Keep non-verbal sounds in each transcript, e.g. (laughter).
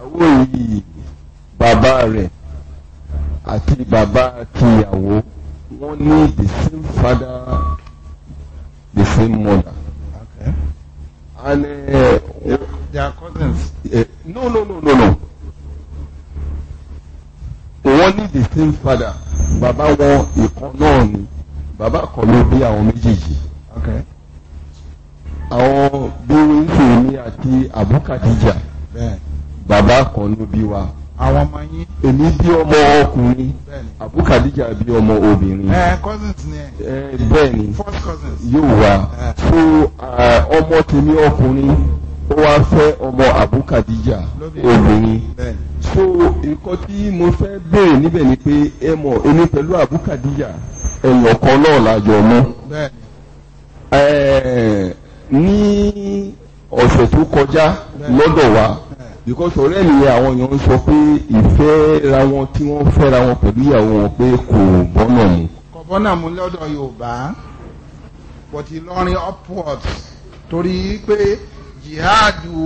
ìyàwó yìí bàbá rẹ̀ àti bàbá tìyàwó wọ́n ní the same father the same mother. Okay. and uh, yeah, they are cousins. Uh, no no no no no wọ́n ní the same father bàbá wọn ìkan náà ni bàbá kan ló bí àwọn méjèèjì. Okay àwọn bí wíńsì mi àti àbúkàdíjà. bẹ́ẹ̀ bàbá kan ló bí wa àwọn ọmọ yín. èmi bí ọmọ ọkùnrin abukadija bí ọmọ obìnrin. ẹ eh, cousins ni ẹ. ẹ eh, bẹ́ẹ̀ first cousins. yóò wá eh. so ọmọ tèmi ọkùnrin ó wá fẹ́ ọmọ abukadija obìnrin. so nǹkan tí mo fẹ́ béèrè níbẹ̀ ni pé ẹ mọ̀ èmi pẹ̀lú abukadija ẹ̀yàn kan náà lájọ mọ́. ní ọ̀sẹ̀ tó kọjá lọ́dọ̀ wa. Bẹ́ẹ̀ because ọ̀rẹ́ mi àwọn èèyàn ń sọ pé ìfẹ́ ra wọn tí wọ́n fẹ́ ra wọn pẹ̀lú ìyàwó wọn pé kò bọ́nà mu. kò bọ́nà mu lọ́dọ̀ Yorùbá but Ìlọrin upwards torí pé jihadu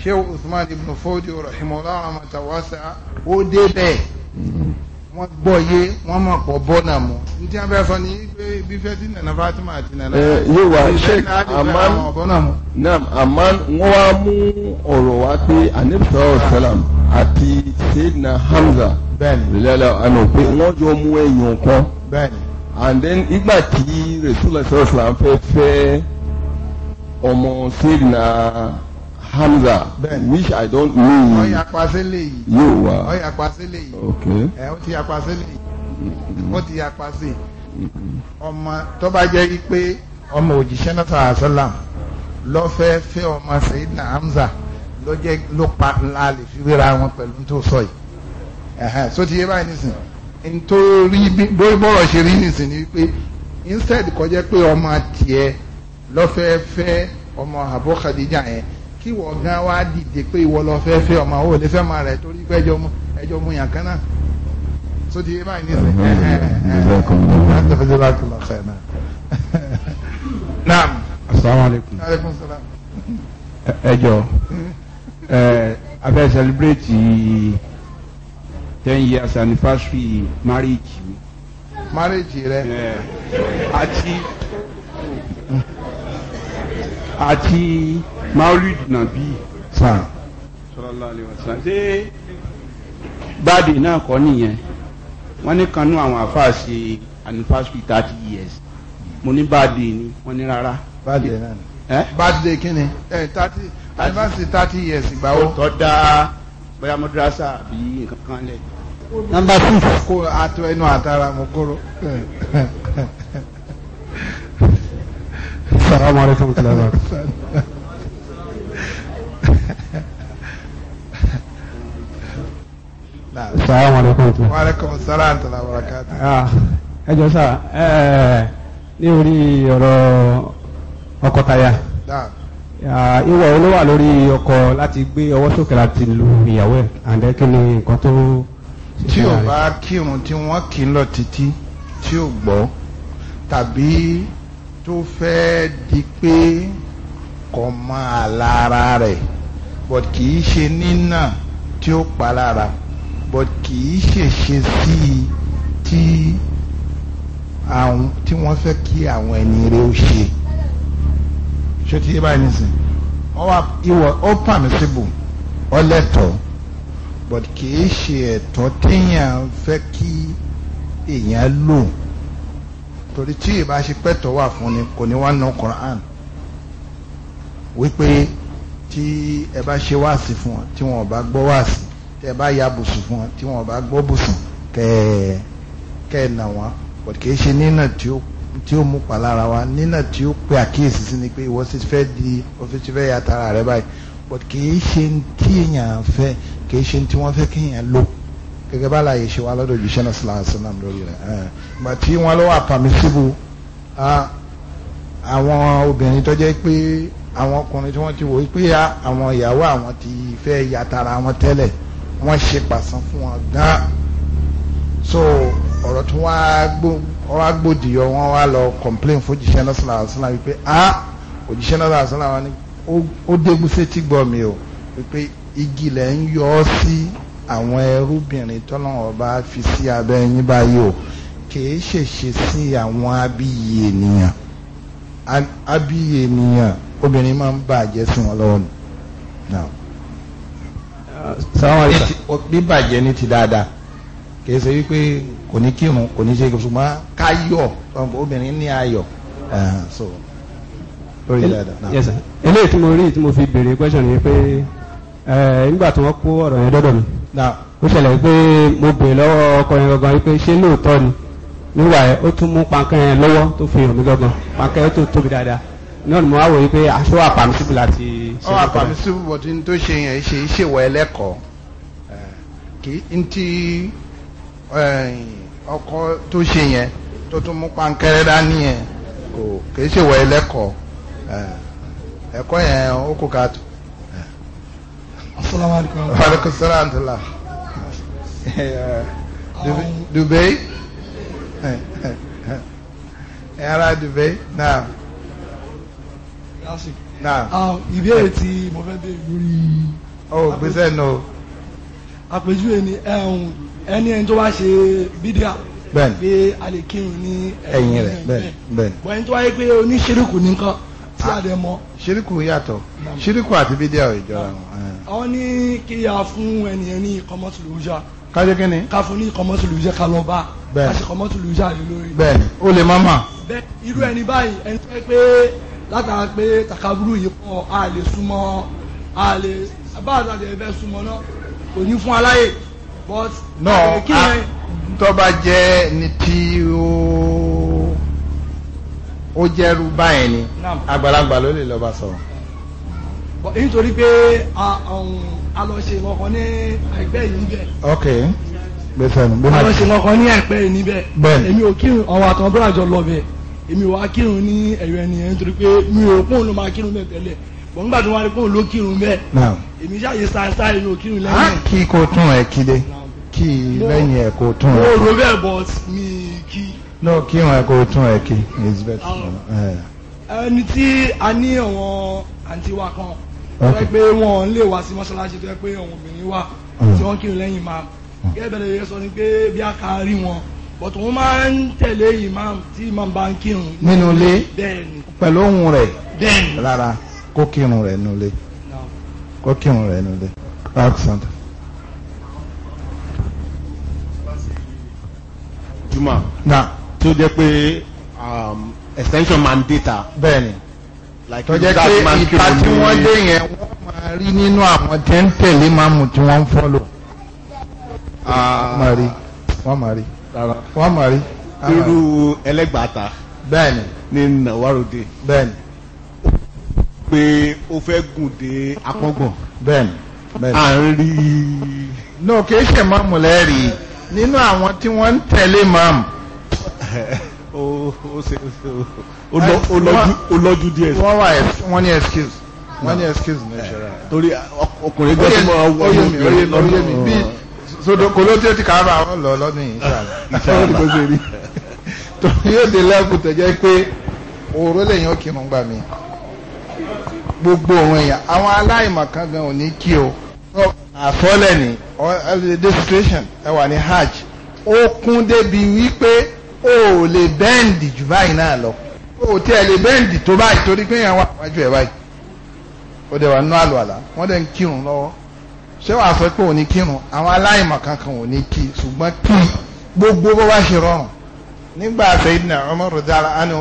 Sheikh Usman ibn Fodio rahimahullah rahmatawasa ó débẹ̀ mm-hmm wọ́n gbọ́ yé wọ́n mọ̀ pọ̀ bọ́nà mu ní tí wọ́n fẹ́ sọ ní pé bí fẹ́ tí nana Fatima àti nana. ẹ yóò wá sheik aman naam aman wọ́n wá mú ọ̀rọ̀ wá pé anabisa ọsàlám àti sayyidina Hamza bilala àná pé wọ́n jọ mú ẹyìn kan and then ìgbà tí Rasulullah sọsàlám fẹ́ fẹ́ ọmọ sayyidina hamza which i don't know. you yapa sílẹ̀ yìí. yóò wá ó yapa sílẹ̀ yìí. ok ẹ ó ti yapa sílẹ̀ yìí. ó ti yapa sí i. ọmọ tó bá jẹ́ pé ọmọ òjíṣẹ́ náà sọ̀rọ̀ àṣọlá lọ fẹ́ fẹ́ ọmọ sayidina hamza ló jẹ́ ló pa ńlá lè fi wéra wọn pẹ̀lú tó sọ yìí. so ti yé báyìí nísìn nítorí bóyá bọ́rọ̀ ṣe rí nísìn ni wípé instead kọjá pé ọmọ tiẹ̀ lọ fẹ́ fẹ́ ọmọ àbúkàdíjà yẹn kí wọ́n gan wá dìde pé ìwọ lọ fẹ́ fẹ́ ọmọ ò lè fẹ́ máa rẹ̀ torí pé ẹjọ́ mú ẹjọ́ mú yàn kánná so di eba yìí nísìnyí naam asalaamualeykum ẹjọ hmm. abẹ celebrate ten years anniversary marriage marriage rẹ. àti àti maulid nabi sallallahu alaihi wasallam ṣé gbàdé náà kọ́ nìyẹn wọ́n ní kanú àwọn àfáà ṣe anniversary thirty years mo ní bàdé ni wọ́n ní rárá. bàdé náà ni birthday kini ẹ thirty anniversary thirty years ìgbàwo. tó dá bóyá mọdúrásà àbí nǹkan kan lẹ. number six. kó ato ẹnu àtàrà mo kóró. salamu alaykum Assalamu alaikum. Wa alaikum assalam tala barakatuh. Ah, ẹ jọ sá ní orí ọ̀rọ̀ ọkọtaya ìwọ olówà lórí ọkọ láti gbé ọwọ́ sókè láti lu ìyàwó ẹ̀ àǹdẹ́ kí ni nǹkan tó. tí ò bá kírun tí wọ́n kì í lọ títí tí ò gbọ́ tàbí tó fẹ́ di pé kọ́ máa lára rẹ̀ but kì í ṣe nínà tí ó pa but kì í ṣèṣe sí i tí àwọn tí wọ́n fẹ́ kí àwọn ẹni rẹ ó ṣe ṣé tí báyìí nìsín ìwọ ó permissible ó but kì í ṣe ẹ̀tọ́ téèyàn fẹ́ kí èèyàn lò torí tí ìbá ṣe pẹ́tọ̀ wà fún ni kò ní wá ná Quran wípé tí ẹ bá ṣe wáàsí fún wọn tí wọn ò bá gbọ́ wáàsí tẹ bá ya bùsùn fún wọn tí wọn bá gbọ́ bùsùn kẹ kẹ nà wọn but kì í ṣe nínà tí ó tí ó mú palára wa nínà tí ó pe àkíyèsí sí ni pé ìwọ sì fẹ́ di òfin tí fẹ́ ya tara rẹ báyìí but kì í ṣe tí èèyàn fẹ́ kì í ṣe tí wọ́n fẹ́ kí èèyàn lò gẹ́gẹ́ bá láàyè ṣe wá lọ́dọ̀ òjíṣẹ́ náà sílára sínú àmì lórí rẹ̀ ìgbà tí wọ́n lọ́wọ́ àpàmísíbù àwọn obìnrin tó jẹ́ pé àwọn ọkùnrin tí wọ́n ti wò ó pé àwọn ìyàwó àwọn ti fẹ́ ya tara wọn tẹ́lẹ̀ wọ́n ṣe pàṣán fún wọn gan so ọ̀rọ̀ tí wọ́n á gbó wọ́n á gbòdìyọ wọ́n wá lọ complain fòjíṣẹ́ náà sọ̀rọ̀ àṣìlá wípé ah òjíṣẹ́ náà sọ̀rọ̀ àṣìlá wọn ni ó dégun sétí gbọ́ mi o wípé igi lẹ̀ ń yọ ọ́ sí àwọn ẹrúbìnrin tọ́lọ́wọ́n bá fi sí abẹ́ yín báyìí o kìí ṣèṣe sí àwọn abíyì ènìyàn abíyì ènìyàn obìnrin máa ń bàjẹ́ sí wọn lọ́wọ́ ni bíbàjẹ́ ní ti dáadáa kìí ṣe wípé kò ní kírun kò ní ṣe ṣùgbọ́n káyọ̀ obìnrin ní ayọ̀ so lórí dáadáa. eléyìí tí mo rí tí mo fi béèrè question ni pé nígbà tí wọ́n kó ọ̀rọ̀ yẹn dọ́dọ̀ mi ó ṣẹlẹ̀ pé mo béèrè lọ́wọ́ ọkọ yẹn gangan wípé ṣé lóòótọ́ ni nígbà yẹn ó tún mú pankẹ́ yẹn lọ́wọ́ tó fi hàn mí gangan pankẹ́ tó tóbi dáadáa náà ni mo wá wò yí pé aṣọ àpàmísíbù láti ṣe é. ọ àpàmísíbù bọ̀dí ní tó ṣe yẹn ṣe ìṣèwọ̀ ẹlẹ́kọ̀ọ́ kì í ti ọkọ tó ṣe yẹn tó tún mú pankẹ́rẹ́ dání yẹn kò kì í ṣèwọ̀ ẹlẹ́kọ̀ọ́ ẹ̀kọ́ yẹn ó kó ká tó. asalaamualeykum. waaleykum salaam tula. Dubai. Era Dubai. Naam. Ah, ìbéèrè tí mo fẹ́ bèèrè lórí. ọ oh, gbèsè nù. àpèjúwe ni ẹni ẹni tó bá ṣe bídíà bẹ́ẹ̀ni pé a lè kírun ní ẹ̀yìn rẹ̀ bẹ́ẹ̀ni bẹ́ẹ̀ni. bọ́n ẹni tó wáyé pé oníṣẹ́ríkù nìkan tí a ah, dẹ̀ mọ́. ṣíríkù yàtọ̀ ṣíríkù àti bídíà ò jọra wọn. Eh. àwọn ní kí a fún ẹnìyẹn ní ìkọmọ́tìlú ọjà kájẹ́ kí ni. ká fún ní kọmọ́tìlú iṣẹ́ ká lọ bá. bẹ́ẹ̀ ká sì kọmọ́tìlú iṣẹ́ lórí. bẹ́ẹ̀ ni o lè má mà. bẹ́ẹ̀ irú ẹni báyìí ẹni tó yẹ pé látara pé takaburu yìí pọ̀ a lè súnmọ́ a lè bá àtàtà ẹ̀fẹ́ súnmọ́ náà kò ní fún aláyè but kí ni. tó bá ni tí ó ó jẹ́rú báyẹn ni àgbàlagbà ló lè lọ bá sọ̀rọ̀. nítorí pé a um, lọ ṣe ìwọ̀kan ní àìpẹ́ yìí níbẹ̀. ok gbèsè nù. a lọ ṣe ìwọ̀kan ní àìpẹ́ yìí níbẹ̀. bẹ́ẹ̀ èmi ò kí ọ̀wà àtàwọn bọ́lá jọ lọ bẹ́ẹ̀ èmi wàá kírun ní ẹ̀yọ ẹni nítorí pé mi ò pọ́n ló máa kírun bẹ́ẹ̀ tẹ́lẹ̀ bọ̀ nígbà tó wá rí pọ́n ló kírun bẹ́ẹ̀ èmi ṣàyè sáṣá èmi kírun lẹ́yìn ẹ̀. kí kò tún ẹ kílé kí lẹ́yìn ẹ̀ kò tún ẹ kí. mo rò bẹ́ẹ̀ but mi kí. no kí wọn kò tún ẹ kí is better. ẹni tí a ní àwọn àǹtí wa kan tó yẹ pé wọn lè wá sí mọ́ṣáláṣí tó yẹ pé àwọn obìnrin wà tí wọ́n kírun lẹ́yìn máa gẹ́gẹ́ bẹ̀rẹ̀ bọ̀tù wọn máa ń tẹ̀lé imam tí imam bá ń kírun. nínú ilé pẹ̀lú ohun rẹ̀ rárá kó kírun rẹ̀ nínú ilé kó kírun rẹ̀ nínú ilé. juma na tó jẹ́ pé um, extension máa ń dé ta. bẹ́ẹ̀ni tó jẹ́ pé ìta tí wọ́n dé yẹn wọ́n máa rí nínú àwọn tẹ́ńtẹ̀lé máàmù tí wọ́n ń fọ́lò. Ah. wọ́n máa rí wọ́n máa rí rárá wọ́n mọ̀ rí. irú ẹlẹ́gbàáta. bẹ́ẹ̀ni. ní nàwáròde. bẹ́ẹ̀ni. pé o fẹ́ gùn dé akọ́gbọ̀n. bẹ́ẹ̀ni. bẹ́ẹ̀ni. à ń rí i. náà kì í ṣe máàmù lẹ́rìí nínú àwọn tí wọ́n ń tẹ̀lé máàmù. o lọ́jú díẹ̀. wọ́n wà wọ́n ní excuse wọ́n ní excuse ní ìṣẹ̀ra. torí ọkùnrin gbọ́dọ̀ mọ́ ọ wọ́n yé mi bíi sodo kolo tí o ti kàárọ̀ àwọn lọ lọ́dún yìí sáré tó ṣe rí tó yóò dé lẹ́kùn tó jẹ́ pé òró lèyìn ó kírun gbà mí gbogbo òun èèyàn àwọn aláìmọ̀ kan gan ò ní kí o àfọ́lẹ̀ ni holiday situation ẹ wà ní hajj ó kún débi wípé o ò lè bẹ́ǹdì jù báyìí náà lọ o ò tiẹ̀ lè bẹ́ǹdì tó báyìí torí pé èèyàn wà wájú ẹ̀ báyìí ó dẹ̀ wà nínú àlọ́ àlá wọ́n dẹ̀ ń kírun lọ́wọ́ ṣé wàá sọ pé ò ní kírun àwọn aláìmọ̀ kankan ò kí ṣùgbọ́n kí gbogbo bó bá ṣe rọrùn nígbà Sayyidina Umar rudala anu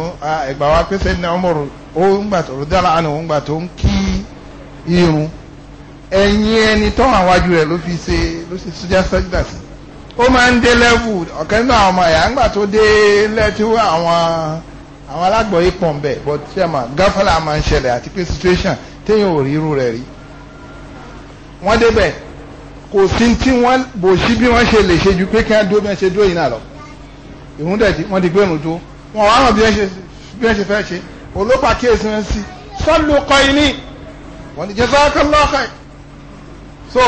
ẹgbà wa pé Sayyidina Umar ó ń gbà tó rudala anu ń gbà tó ń kí irun ẹ̀yìn ẹni tó wà wájú rẹ̀ ló fi ṣe ló ṣe sójà sọ́jà sí ó máa ń dé lẹ́wù ọ̀kẹ́ nínú àwọn ọmọ ẹ̀yà ńgbà tó dé lẹ́tí àwọn àwọn alágbọ̀ọ́yé pọ̀ ń bẹ̀ but ṣé mà gáfàlà máa ń ṣẹlẹ̀ àti pé situation téèyàn ò rí irú rẹ̀ rí wọ́n débẹ̀ kò sí tí wọ́n bò sí bí wọ́n ṣe lè ṣe ju pé kí wọ́n dúró bí wọ́n ṣe dúró yìí náà lọ ìhun dẹ̀ tí wọ́n ti gbẹ̀rún dúró wọn wá hàn bí wọ́n ṣe fẹ́ ṣe olópa kíyèsí wọn sí sọ́lù kọ iní wọ́n ti jẹ́ sọ́kọ́ lọ́kọ̀ so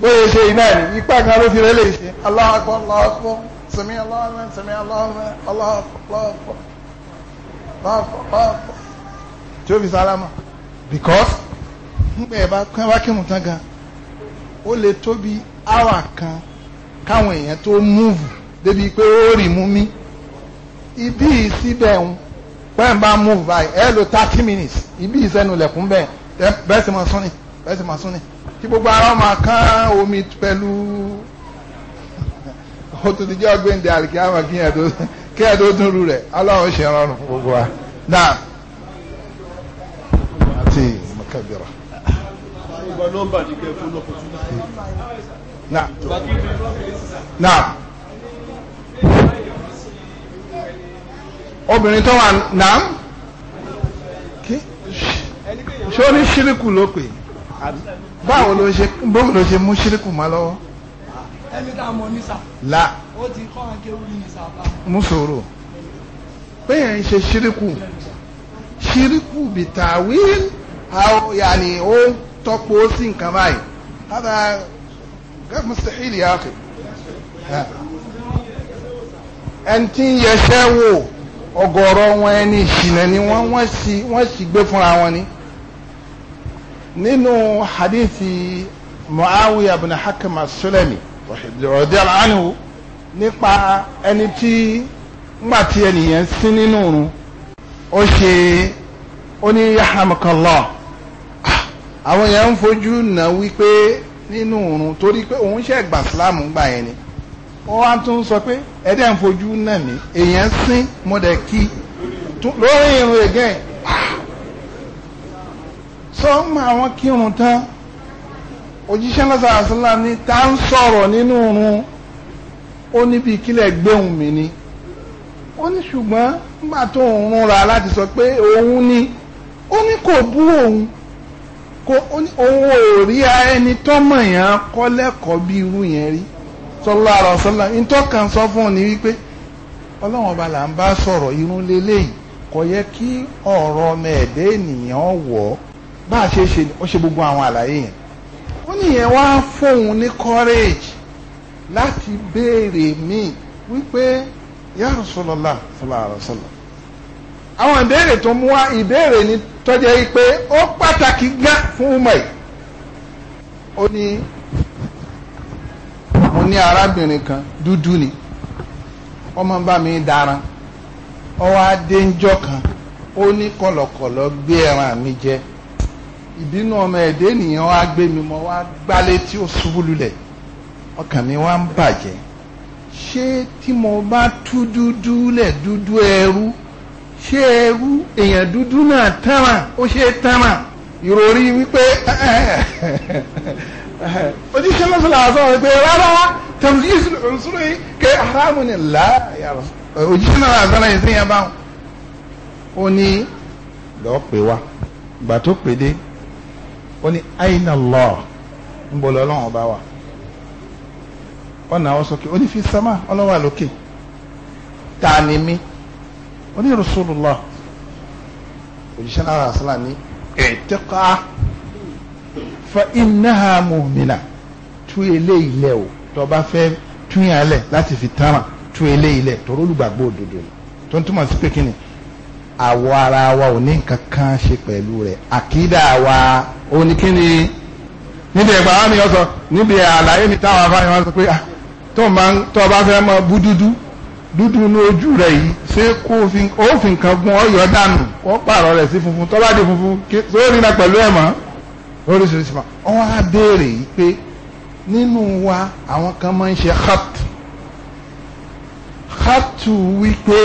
bóyá ṣe iná ni ipá kan ló fi rẹ́ lè ṣe Allahu Akbar Allahu Akbar sami Allahu Akbar sami Allahu Akbar Allahu Akbar Allahu Akbar tí ó fi sálámà because ń pè é bá kí wọ́n bá kí wọ́n tán gan-an ó lè tó bí hour kan káwọn èèyàn tó múùvù débi pé ó rì mú mi ibi síbẹ̀ ń pẹ́ẹ́n bá múùvù báyìí ẹ lò thirty minutes ibi ìsẹ́nu lẹ̀kún bẹ́ẹ̀ bẹ́ẹ̀ sì máa súnni bẹ́ẹ̀ sì máa súnni kí gbogbo ara máa kán omi pẹ̀lú ó tún ti jẹ́ ọgbẹ́ǹde àlìkí àwọn kí ẹ̀ tó kí ẹ̀ tó dúró rẹ̀ ọlọ́run ṣe rọrùn fún gbogbo wa náà. Now, now. ní kẹ́ fún opportunity. na obìnrin tó wà náà ṣé ó ní ṣíríkù ló pè báwo ló ṣe báwo ló ṣe mú ṣíríkù má lọ́wọ́. ẹni tá a mọ nísà. la ó ti kọ́ akéwì nísà bá. mú sòrò pé ń ṣe ṣíríkù ṣíríkù bìtàwí àwọn yàní ó tọ́pọ̀ ó sí nǹkan báyìí hádà gẹ́gẹ́ mustahil yà áfẹ́ ẹni tí ń yẹsẹ́ wò ọ̀gọ̀rọ̀ wọn ẹni ìṣìnà ni wọ́n wọ́n sì gbé fúnra wọn ni nínú hadithi muawiya bin hakim as-sulami radiyallahu nípa ẹni tí ńgbà tí ẹnìyẹn sí nínú òrùn ó ṣe ó ní yahamakallah àwọn yẹn ń fojú nà wípé nínú òrùn torí pé òun ṣe gbà fúlàmù gbà yẹn ni wọ́n wá tún sọ pé ẹ̀dẹ̀ ń fojú nà mí èèyàn sín mọ́dẹ̀ kí lórí irun again ah! sọ́mọ àwọn kírun tán òjíṣẹ́ lọ́sàá àṣìlá ni tá ń sọ̀rọ̀ nínú òrùn ó níbi ìkílẹ̀ gbéhùn mi ni ó ní ṣùgbọ́n nígbà tó ń rúnra láti sọ pé òun ni ó ní kò bú òun òun orí a ẹni tó mọ̀ yẹn kọ́ bí irú yẹn rí sallallahu alaihi wasallam sọ fún wípé ọlọ́run ọba là ń bá sọ̀rọ̀ irun lélẹ́yìí kò yẹ kí ọ̀rọ̀ ọmọ ẹ̀dẹ́ ènìyàn wọ̀ bá a ṣe ṣe ṣe gbogbo àwọn àlàyé yẹn ó nìyẹn wá fóun ní courage láti béèrè míì wípé ya àwọn ìbéèrè tó mú wá ìbéèrè ni tọ́jẹ́ yìí pé ó pàtàkì gán fún umar ó ní mo ní arábìnrin kan dúdú ni ọmọ bá mi dára ọwọ́ adéńjọ́ kan ó ní kọ̀lọ̀kọ̀lọ̀ gbé ẹran mi jẹ ìbínú ọmọ ẹ̀dẹ́ ènìyàn wá gbé mi mọ́ wá gbálé tí ó ṣubú lulẹ̀ ọkàn mi wá ń bàjẹ́ ṣé tí mo bá tú dúdú lẹ̀ dúdú ẹrú ṣé ẹrú èèyàn dúdú náà tánmà ó ṣe tánmà ìròrí wípé (laughs) ojúṣe lọ́sọ̀lá àṣọ rẹ̀ rárá tẹ̀sí ìṣúrò yìí ké haramu ni láàyà ojúṣe náà àṣọ rẹ̀ sí yẹn báwọn. ó ní lọ́ọ́ pè wá ìgbà tó pè dé ó ní ń bọ̀ bá wà ọ̀nà àwọn ó ní fi sámà ọlọ́wà lókè ta ni mí. ó ní Rasulullah òjíṣẹ́ náà àṣàlà ní ẹ̀tẹ́ká fa innaha mu'mina tú ilé ilẹ̀ o tó bá fẹ́ tú yàn lẹ̀ láti fi tán tú ilé ilẹ̀ tó rólùgbàgbọ́ òdodo tó ń túmọ̀ sí pé kíni àwọ̀ ara wa ò ní nǹkan kan ṣe pẹ̀lú rẹ̀ àkídà wa ò ní kíni níbi ẹ̀gbà wa mi yọ sọ níbi àlàyé mi táwọn afáyọ̀ wọn sọ pé ah, tó o bá fẹ́ mọ bú dúdú dúdú ní ojú rẹ̀ yìí ṣé kó o fi nǹkan gun ọyọ dànù kó pààrọ̀ rẹ̀ sí funfun tó bá di funfun tó rí na pẹ̀lú ẹ̀ mọ́ oríṣiríṣi ma wọ́n á béèrè yìí pé nínú wa àwọn kan máa ń ṣe hat hatu wípé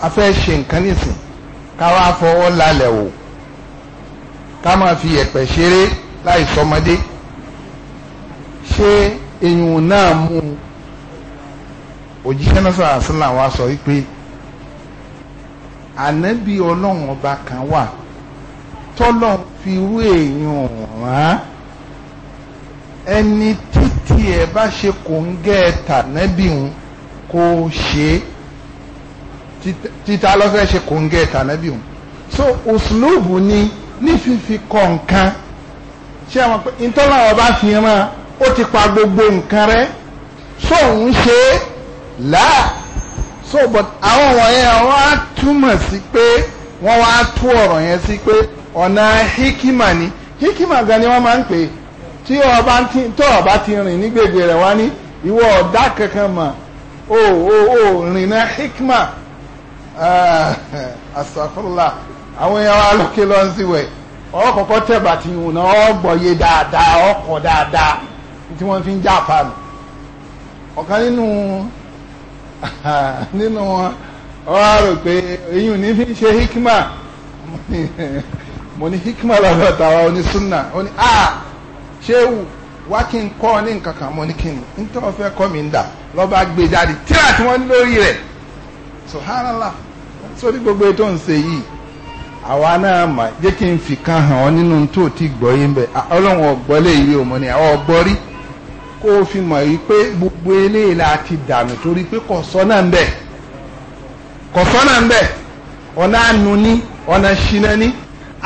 a fẹ́ ṣe nǹkan nísìn ká wá fọwọ́ lálẹ́ o ká máa fi ẹ̀pẹ̀ ṣeré láì sọmọdé ṣé èèyàn náà mú un òjíṣẹ́ náà àṣìlá wa sọ wípé ànábì ọlọ́run ọba kan wà tọ́lọ́ fi irú èèyàn rán ẹni títí ẹ bá ṣe kò ń gẹ́ ẹ tànábì ń kó ṣe títa lọ́fẹ́ ṣe kò ń gẹ́ ẹ tànábì ń so òsùlùbù ni ní fífi kọ nǹkan ṣé àwọn pé ìtọ́lá ọba fi rán ó ti pa gbogbo nǹkan rẹ sóun ṣe é. láà so but àwọn wọ̀nyẹn wọ́n á túmọ̀ sí pé wọ́n wá tú ọ̀rọ̀ yẹn sí pé ọ̀nà hikima ni hikima gan ni wọ́n máa ń pè tí ọba ti tó ọba ti rìn ní gbègbè rẹ̀ wá ní ìwọ kankan o o o rìn náà hikima ah, asafurula àwọn èèyàn wa lókè lọ sí wẹ̀ ọ̀rọ̀ kọ̀ọ̀kan tẹ̀bà ti hùn náà dáadáa ọkọ̀ dáadáa tí wọ́n fi ń jà ọ̀kan nínú nínú wọn wọ́n rò pé eyín ní fi ṣe hikima mo ní hikima lọ́dọ̀ tàwa onísúnà ó ní ah ṣé wá kí n kọ́ ní nǹkan kan mo ní kí ni wọ́n fẹ́ kọ́ mi ń dà gbogbo ètò ń ṣe yìí àwa náà mà jẹ́ kí n fi kan hàn ọ́ nínú tó ti gbọ́ kó o fi mọ̀ yìí pé gbogbo eléyìí la ti dànù torí pé kò sọ́nà ń bẹ̀ kò sọ́nà ń bẹ̀ ọ̀nà àánú ní ọ̀nà ṣìnà ní.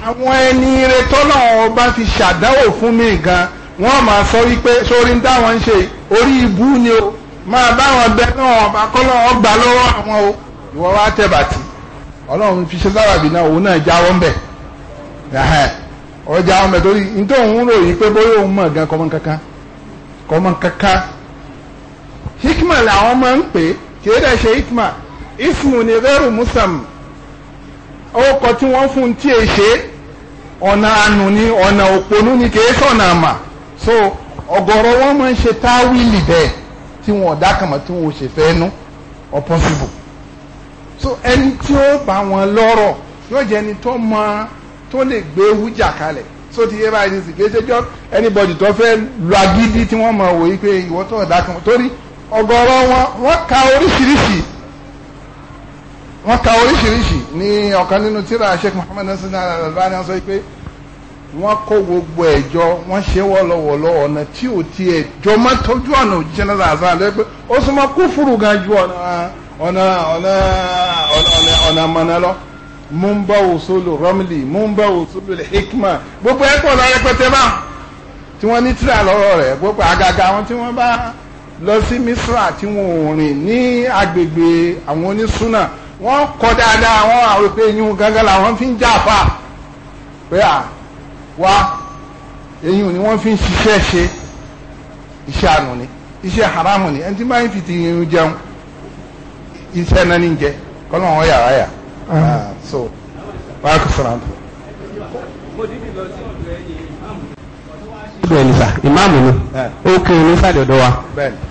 àwọn ẹni ọba fi fún mi gan wọ́n máa sọ wípé sórí ń dáwọn ń ṣe orí ibú ni o máa báwọn bẹ náà ọba lọ́wọ́ àwọn o ìwọ wá tẹ̀ bàtì ọlọ́run fi ṣe sábàbí náà òun náà jáwọ́ ń bẹ̀ ọjà ọmọ ẹ̀ torí nítorí òun rò pé bóyá òun kò kaka, hikma la máa ń pè kìí dẹ̀ hikma ismu ni rẹ́rù musam ọkọ̀ tí wọ́n fún tí e ṣe ọ̀nà ànú ni ọ̀nà òpònú ni kìí sọ̀nà àmà so ọ̀gọ̀rọ̀ wọn máa ń ṣe táwìlì bẹ́ẹ̀ tí wọn ọ̀dà kàmọ́ tí wọn ò ṣe fẹ́ nú so ẹni tí ó bá wọn lọ́rọ̀ yóò jẹ́ ẹni tó mọ tó lè gbé wújà kalẹ̀ so ti yé báyìí ní sìkè ṣẹjọ anybody tó fẹ́ lu agídí tí wọ́n mọ̀ wòye pé ìwọ tó ọ̀dà kan torí ọ̀gọ̀rọ̀ wọn wọ́n ka oríṣiríṣi wọ́n ka oríṣiríṣi ní ọ̀kan nínú tíra sheikh muhammed nasir al-Albani sọ pé wọ́n kó gbogbo ẹ̀jọ́ wọ́n ṣe wọ́lọ́wọ́lọ́ ọ̀nà tí ò ti ẹ̀jọ́ má tọ́jú ọ̀nà òjíṣẹ́ náà àzá lẹ́ pé ó súnmọ́ kúfùrù gan ju ọ̀nà ọ̀nà ọ̀nà ọ̀nà ọ̀nà mọ̀nà lọ mú ń bọ́ òṣòlò rọ́mìlì mú ń bọ́ òṣòlò hikma gbogbo ẹ̀ pọ̀ lọ́rẹ́ pẹ́tẹ́ bá tí wọ́n ní tíra lọ́rọ̀ rẹ̀ gbogbo àgàgà wọn tí wọ́n bá lọ sí misra tí wọn ò rìn ní agbègbè àwọn onísúnà wọ́n kọ́ dáadáa wọ́n àwọn pé eyín gángan làwọn fi ń jáfa pé à wá eyín ni wọ́n fi ń ṣiṣẹ́ ṣe iṣẹ́ àná ni iṣẹ́ haramu ni ẹni tí máa ń fi ti irun jẹun iṣẹ́ náà ní jẹ kọ́lọ́wọ́n yàrá yàrá so wàá kò sọ̀rọ̀ àǹtọ̀. bẹ́ẹ̀ ni sà ìmáàmù ni ó kí ní Friday ọ̀dọ̀ wa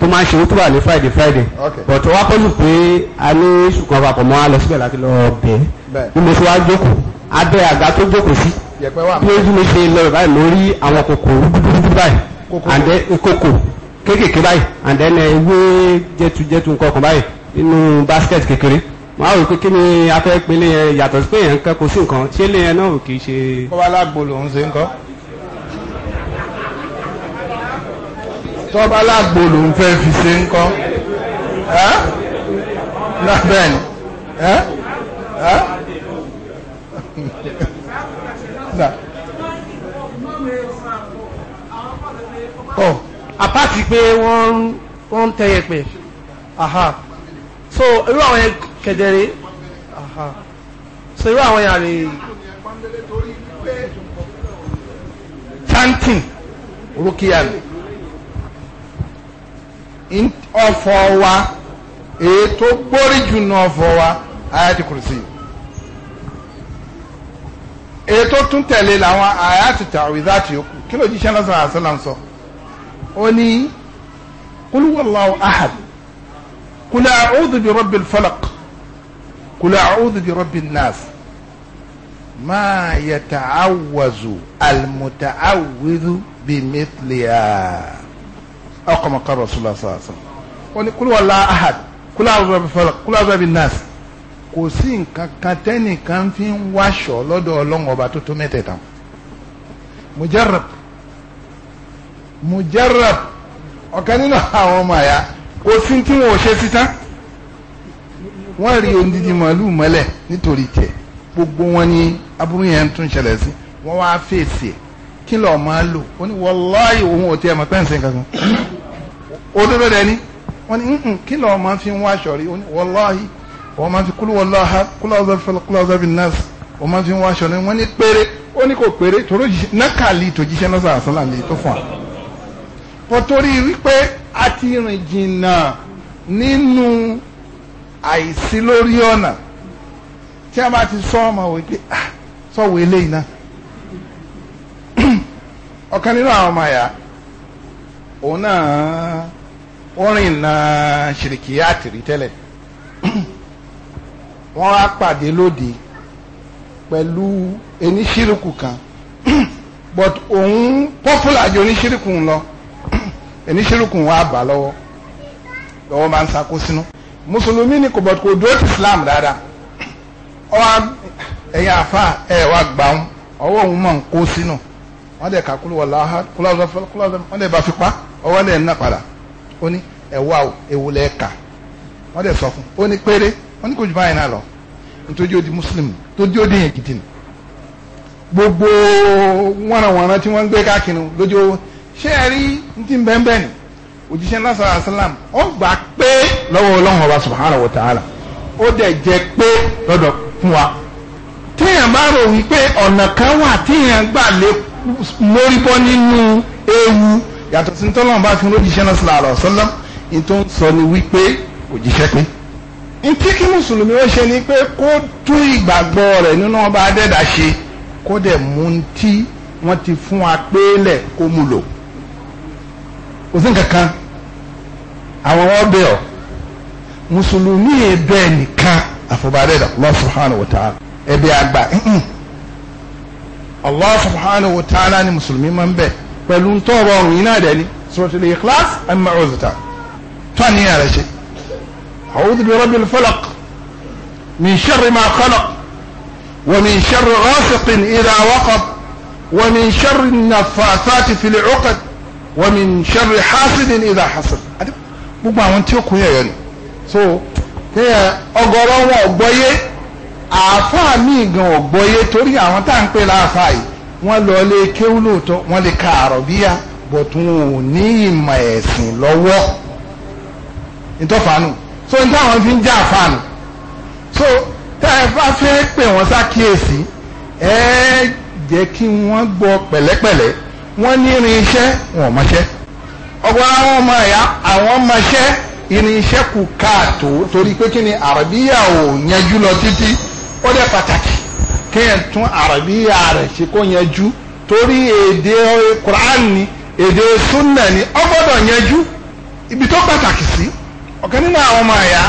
tó máa ń ṣe wútúbà ní Friday Friday bọ̀tọ̀ wá kọ́jú pé a ní ṣùkọ́ papọ̀ mọ́ a lọ síbẹ̀ láti lọ bẹ̀ ẹ́ bí mo ṣe wá jókòó abẹ́ àga tó jókòó sí bí ojú mi ṣe lọ báyìí mo rí àwọn kòkòrò dúdú báyìí and then ìkòkò kéékèèké báyìí and then ewé jẹtujẹtu nǹkan kan báyìí nínú basket kékeré máa rò pé kí ni a fẹ́ pélé yẹn yàtọ̀ sí pé yẹn nǹkan kò sí nǹkan ṣé lé yẹn náà ò kì í ṣe. kó wá lágbo lòún ṣe nǹkan. tọ́ba lágbo lòún fẹ́ fi ṣe nǹkan. náà bẹ́ẹ̀ ni. ọ apáti oh. pé wọ́n ń tẹ̀yẹ̀ pẹ̀ so irú àwọn yẹn kedere so irú àwọn yàrá rèé chanting rukiyan ọfọ wa èyí tó gbórí jù náà ọfọ wa ayati kùrùsì èyí tó tún tẹ̀lé làwọn ayati tàwíìzàtì yòókù kí ló jíṣẹ́ lọ́sàn àṣàlàn sọ ó ní kúlúwàláwò ahad kúlẹ̀ àwùdù bí fọlọ́kù kul a'udhu bi rabbin nas ma yata'awwazu al-muta'awwidhu bi mithliha ọkọ̀mọ̀ kan rasulullah sallallahu alaihi wasallam wọ́n ní kul wallahu ahad kul a'udhu bi rabbil falaq kul a'udhu bi rabbin nas kò sí nǹkan kan tẹ́nìkan fi ń wáṣọ lọ́dọ̀ ọlọ́run ọba tó tó mẹ́tẹ̀ẹ̀ta mujarab mujarab ọ̀kan nínú àwọn ọmọ àyà kò sí tí wọn ṣe sí tán wọ́n rí odidi màálù mọ́lẹ̀ nítorí tiẹ̀ gbogbo wọn ni aburú yẹn tún ṣẹlẹ̀ sí wọ́n wá fèsì ẹ̀ kí lọ́ọ́ máa lò ó ní wàláhì òun ò tiẹ̀ mọ̀ pẹ́ǹsì kankan òdodo dẹ̀ ni wọ́n ní nǹkan kí lọ́ọ́ máa fi ń wá aṣọ rí ó ní wàláhì wọ́n máa fi kúlù wàláhà kúlù ọ̀zọ́fẹ́lẹ́ kúlù ọ̀zọ́fẹ́lẹ́ wọ́n máa fi ń wá aṣọ rí wọ́n ní péré ó ní kò péré tòró nákàlì tòjíṣẹ́ lọ́sàn àṣálà lè tó fún wa. pọ̀tórí wípé a ti rìn jìnnà nínú àìsí lórí ọ̀nà tí a bá ti sọ ọmọ wípé sọ̀wọ́ eléyìí náà (clears throat) ọ̀kan nínú àwọn ọmọ àyà òun náà orin náà ṣìrìkì àtìrí tẹ́lẹ̀ (clears throat) wọ́n á pàdé lóde pẹ̀lú eníṣírìkù kan (clears throat) but òun pọ́fúlà ju oníṣírìkù lọ eníṣírìkù wa bà lọ́wọ́ lọ́wọ́ máa ń sakó sínú. mùsùlùmí ni kò kò islam dáadáa ọwọ́ ẹ̀yin afa ẹ̀ wá gbà ń ọwọ́ òun mọ̀ ń kó sínú wọ́n dẹ̀ ká kúlù wọ̀lá kúlọ̀ọ̀dọ̀ wọ́n dẹ̀ bá fi pa ọwọ́ dẹ̀ ń padà ó ewu wọ́n sọ fún ó ní péré wọ́n ní kò jù báyìí náà lọ muslim tó ó yẹn gidi ni gbogbo tí wọ́n gbé káàkiri lójó ṣé ẹ rí ní ni òjíṣẹ́ lásán àṣàlám ó gbà pé lọ́wọ́ ọlọ́run ọba subhanahu wa ta'ala ó dẹ̀ jẹ́ pé lọ́dọ̀ fún wa téèyàn bá rò wípé ọ̀nà kan wà téèyàn gbà lé mórí bọ́ nínú ewu yàtọ̀ sí tọ́lọ́run bá fi lójíṣẹ́ náà sílẹ̀ sọ́lá ní tó ń sọ ni wípé òjíṣẹ́ pé ntí kí mùsùlùmí ó ṣe ni pé kó tún ìgbàgbọ́ rẹ̀ nínú ọba adẹ́dà ṣe kó dẹ̀ mú tí wọ́n ti fún wa pé lẹ̀ kó mú lò òsín kankan àwọn wọn bẹ̀ ọ́ mùsùlùmí bẹ́ẹ̀ nìkan àfọ̀bàdé dà Allah subhanahu wa ta'ala ẹbí àgbà Allah subhanahu wa ta'ala ni mùsùlùmí máa ń bẹ̀ pẹ̀lú tọ́ọ̀bọ̀ ọ̀rùn yìí náà dẹ̀ ni suratul ikhlas amma ọ̀zọ̀tà tó àníyàn rẹ̀ ṣe a'udhu bi rabbil falaq min sharri ma khalaq wa min sharri ghasiqin idha waqab wa min sharri naffathati fil 'uqad wa min sharri hasidin idha hasad. gbogbo àwọn tí ó kún yẹ̀yẹ́ ni so kéèyàn ọ̀gọ̀rọ̀ wọn ọ̀gbọ́yé àáfàá míì gan ọ̀gbọ́yé torí àwọn tá à ń pè láàfàá yìí wọ́n lọ lé kéwú lóòótọ́ wọ́n lè ka àrọ̀bíyà bọ̀tún ò ní ìmọ̀ ẹ̀sìn lọ́wọ́ ìtọ́fàánù so ní táwọn fi ń já àfàánù so tá ẹ bá fẹ́ pè wọ́n sákìyèsí ẹ jẹ́ kí wọ́n gbọ́ pẹ̀lẹ́pẹ̀lẹ́ wọ́n ní irin iṣẹ́ wọn ò ọgbọ́n àwọn ọmọ ẹ̀yà àwọn ọmọọṣẹ́ irinṣẹ́ kù káàtó torí pé kí ni àràbíyà ò yanjú lọ títí ó dẹ̀ pàtàkì kéèyàn tún àràbíyà rẹ̀ ṣe kó yanjú torí èdè Qur'an ni èdè sunna ni ó gbọ́dọ̀ yanjú ibi tó pàtàkì sí ọ̀kan nínú àwọn ọmọ ẹ̀yà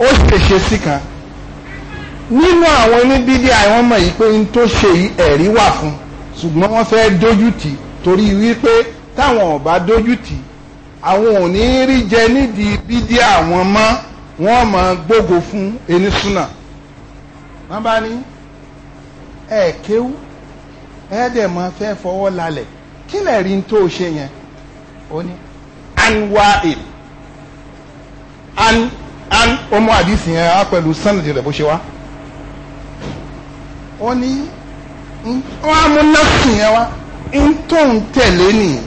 ó ṣèṣe sí kan nínú àwọn oníbídí àwọn ọmọ yìí pé n tó ṣe yìí ẹ̀rí wà fún ṣùgbọ́n wọ́n fẹ́ dójú tì torí wípé táwọn ọba dójú tì àwọn ò ní rí jẹ nídìí bídí àwọn mọ́ wọ́n máa gbógo fún enísúnà wọ́n bá ní ẹ kéwú ẹ dẹ̀ máa fẹ́ fọwọ́ lálẹ̀ kí lẹ̀ rí tó ṣe yẹn ó ní anwail an an ọmọ àdìsí yẹn á pẹ̀lú sanadi rẹ̀ bó ṣe wá ó ní wọ́n á mú nọ́ọ̀sì yẹn wá ń tó ń tẹ̀lé nìyẹn.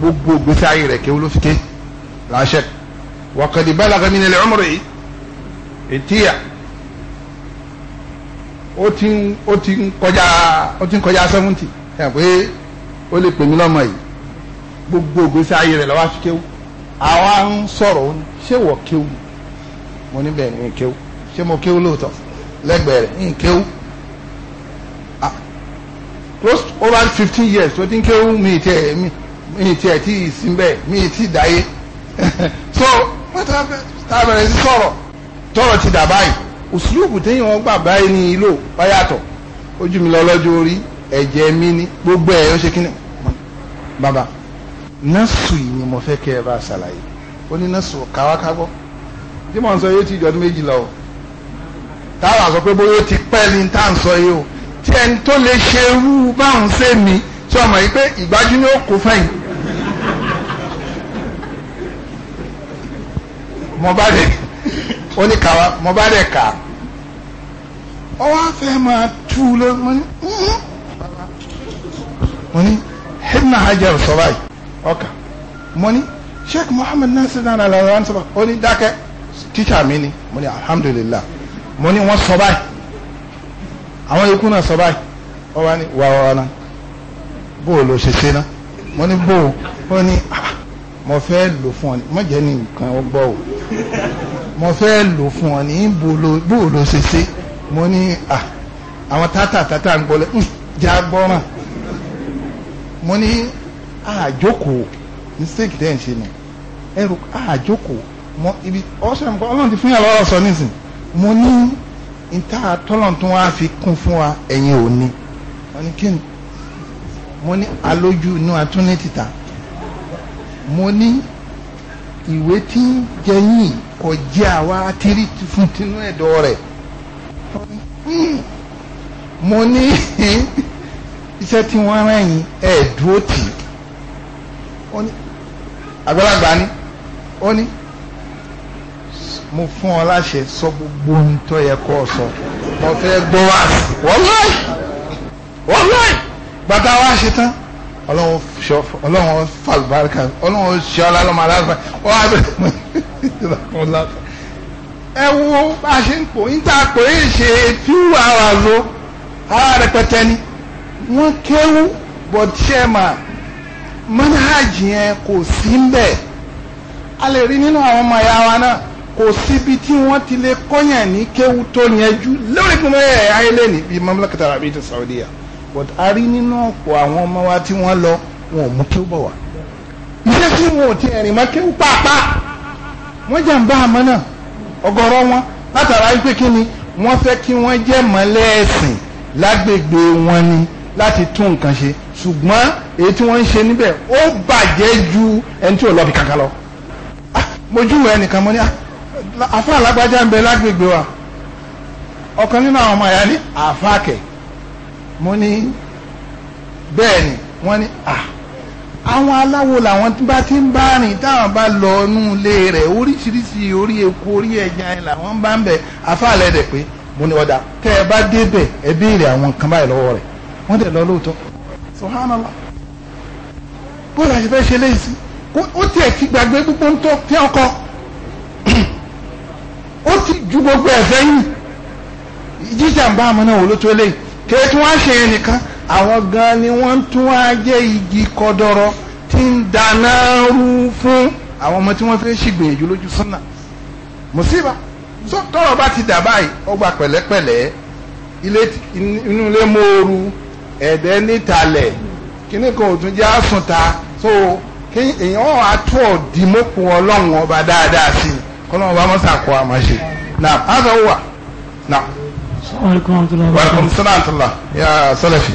gbogbo gbèsè ayé rẹ̀ kéwú ló fi ké làṣẹ wàkàdì balaga min al-umri yìí ètìyà ó ti ń ó ti ń kọjá ó ti ń kọjá seventy ẹ pé ó lè pè mí gbogbo gbèsè ayé rẹ̀ lọ́wọ́ fi kéwú àwa ń sọ̀rọ̀ ó ní ṣé mo ní bẹ́ẹ̀ ni kéwú ṣé mo kéwú lóòótọ́ lẹ́gbẹ̀ẹ́ rẹ̀ ní kéwú ah, close over fifteen years tó ti ń mi tẹ̀ mí mi ti ẹ̀ tí ì sin bẹ́ẹ̀ mi (laughs) ti dàáyé so pátá bẹ̀rẹ̀ sí sọ̀rọ̀ tọ̀rọ̀ ti dà báyìí òsùlùkù téèyàn wọn gbà báyìí ní ìlò báyàtọ̀ ojú mi lọ lọ́jọ́ orí ẹ̀jẹ̀ mi ní gbogbo ẹ̀ ṣe kí ni bàbá nọ́ọ̀sù yìí ni mo fẹ́ kẹ́ ẹ bá ṣàlàyé ó ní nọ́ọ̀sù káwákágbọ́ tí mò ń sọ yóò ti jọ ọdún méjìlá o táwọn àsọ pé bóyá ó ti pẹ́ ní tá à ń sọ yìí o tí ẹni tó lè ṣe irú báwọn ṣe mi tí ọmọ yìí pé ìgbájú ni ó kó fẹ́yìn mo bá dẹ̀ ó ní kàwá mo bá dẹ̀ kà ó wá fẹ́ máa tú ló mo ní mm-hmm. mo ní Ibn Hajar sọ ọkà mo ní Sheikh Muhammad Nasir náà lọ́wọ́ ń sọ báyìí ó ní dákẹ́ tíṣà mi ni mo ní alhamdulillah mo ní wọ́n sọ báyìí àwọn ikú náà sọ báyìí wọ́n wá ní wàá wọ́n bó o lọ ṣe ṣe náà mo ní bó o ó ní ah, mo fẹ́ lò fún ọ ní mo jẹ́ ní nǹkan ọgbọ́ o. mo fẹ́ lò fún ọ ní bóòlò ṣeṣe mo ní àwọn tátà tata ń gbọ́lẹ̀ já gbọ́ràn mo ní àjókòó mistake dẹ́n ṣe nù ẹrù àjókòó mo ibi ọ̀sẹ̀ nǹkan ti fún yàrá ọ̀rọ̀ sọ nísìn mo ní ìta tọ́lọ̀n fi kún fún wa ẹ̀yin ò wọ́n ni mo ní alójú inú mo ní ìwé tí ń jẹyìn kò jẹ àwa tírí fún tinú ẹ̀dọ̀ rẹ̀ mo ní iṣẹ́ tí wọ́n rán yín ẹ̀ àgbàlagbà ni ó ní mo fún ọ láṣẹ sọ gbogbo ohun tó yẹ kó o sọ mo fẹ́ gbọ́ wá sí wọ́n láì bàtà wa ṣe tán ọlọ́run ṣọ ọlọ́run fàlùbáríkà ọlọ́run ṣọ alálọ́mọ aláfà ọ abẹ́rẹ́ ìdàkùn láfà. ẹ wo bá a ṣe ń pò níta pò é ṣe few hours o ara rẹpẹtẹ ni wọ́n kéwú but ṣe mà manhaj yẹn kò sí ń bẹ̀ a lè rí nínú àwọn ọmọ ìyá wa náà kò síbi tí wọ́n ti lè kọ́yàn ní kéwú tó yẹn jù lórí gbọ́mọ̀ ẹ̀yà ayé lẹ́nu bíi mamlakata arabi ti Saudiya but a rí nínú ọ̀pọ̀ àwọn ọmọ wa tí wọ́n lọ wọn ò mú kí ó bọ̀ wá ilé tí wọn ò ti ẹ̀rìn mọ́ kí ó pàápàá wọ́n jà ń bá àmọ́ náà ọ̀gọ̀rọ̀ wọn látara wípé kí ni wọ́n fẹ́ kí wọ́n jẹ́ mọ́lẹ́ẹ̀sìn lágbègbè wọn ni láti tún nǹkan ṣe ṣùgbọ́n èyí tí wọ́n ń ṣe níbẹ̀ ó bàjẹ́ ju ẹni tí ò lọ́bi kankan lọ. Ah, mojú ẹnìkan mọ́ ní ah, àfa alágbájá ń bẹ lágbègbè wa ọ̀kan nínú àwọn ọmọ ẹ̀yà ní àfa mo ní bẹ́ẹ̀ ni wọ́n ní à àwọn aláwo làwọn bá ti ń bá rìn táwọn bá lọ inú ilé rẹ̀ oríṣiríṣi orí eku orí ẹja ẹ̀ làwọn bá ń bẹ̀ afáàlẹ̀ rẹ̀ pé mo ní ọ̀dà tẹ́ ẹ bá débẹ̀ ẹ béèrè àwọn nǹkan báyìí lọ́wọ́ rẹ̀ wọ́n dẹ̀ lọ lóòótọ́ bóyá ṣe fẹ́ ṣe gbàgbé gbogbo ń tọ́ ọkọ ó ti ju gbogbo jíjà kìí tí wọ́n ṣe nìkan àwọn gan ni wọ́n tún wá igi kọdọrọ tí ń dáná rú fún àwọn ọmọ tí wọ́n fẹ́ ṣègbìyànjú lójú sọ́nà mùsíbà tọ́rọ̀ bá ti dà báyìí ọgbà pẹ̀lẹ́pẹ̀lẹ́ inú ilé mooru ẹ̀dẹ́ nítalẹ̀ kíní kan ò tún so kí èèyàn àtúọ̀ ọlọ́run ọba dáadáa sí i ọba àmọ́ ṣe náà á wà náà. salaamaleykum wa rahmatulah. wa rahmatulah salaamaleykum ya salafi.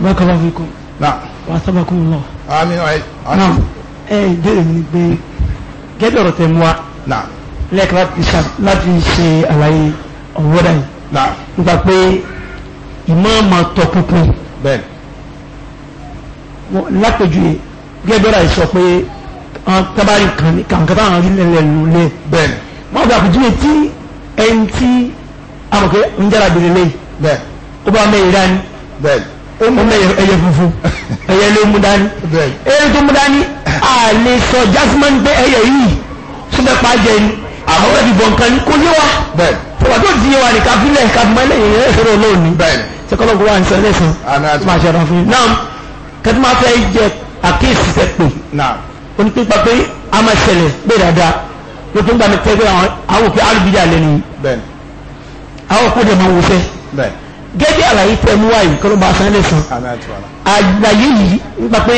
bákan fi kún. na. wa sábàkún lọ. ami ayi. na ẹ ìbéèrè mi gbé gẹ́gẹ́ ọ̀rọ̀ tẹ̀ mú wa. na. lẹ́ẹ̀kan láti ṣe àlàyé ọ̀wọ́dà yìí. na. nípa pé ìmọ̀ọ́mọ̀ tọkùnkùn. bẹ́ẹ̀. lápèjúwe gẹ́gẹ́ ọ̀rọ̀ yìí sọ pé tabari kan kan kan táwọn rí lẹ́lẹ́ lulẹ̀. bẹ́ẹ̀. wọ́n gbà pé jíwèé tí ẹni tí àmọ́ pé ń jára bèrè lé bẹ́ẹ̀ ó bá mẹ́rin dání bẹ́ẹ̀ ó mú ẹyẹ funfun (laughs) ẹyẹ ló mú dání bẹ́ẹ̀ ẹyẹ tó mú dání a lè sọ jasmin pé ẹyẹ yìí súnmẹ́ pa jẹ ni àwọn ẹbí bọ̀ nǹkan ni kò yé wa bẹ́ẹ̀ tó tó ti yé wa ní káfílẹ̀ káfílẹ̀ yẹn ẹ̀ sọ̀rọ̀ lónìí bẹ́ẹ̀ sẹ́kọ́lọ́gbọ̀ wa ń sọ lẹ́sàn máa ṣe ọ̀rọ̀ fún yín náà kẹ́tí máa fẹ́ jẹ àkíyèsí fẹ́ pè onípípa pé a máa dáadáa ló ń gbà mí pé àwọn òfin alùbíyà àwọn kó dẹ̀ máa wò fẹ́ gẹ́gẹ́ àlàyé tẹ́ mú wáyé kọ́ ló bá san lẹ́sàn àgbáyé yìí ń gbà pé